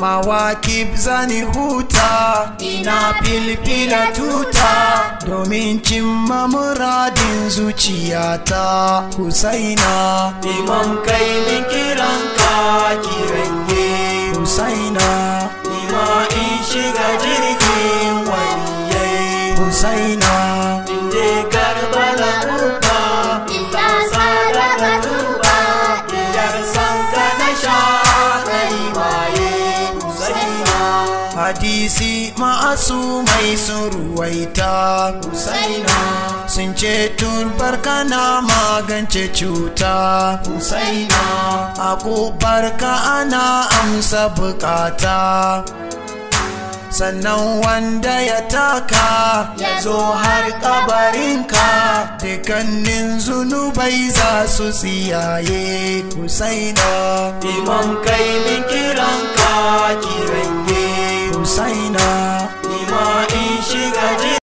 Mawakif zani huta ina pilipila tuta domin cimma muradin zuciyata Husaina Imam kai ni kiranka kirange Husaina Ima in shiga jirgin waliyai Husaina hadisi ma'asu mai ruwaita. Husaina sun ce tun barka na magance cuta Husaina aku barka ana amsa bukata sannan wanda ya taka ya zo har kabarinka dukkanin zunubai za su tsiyaye Husaina imam kai min kiranka kiran sign up.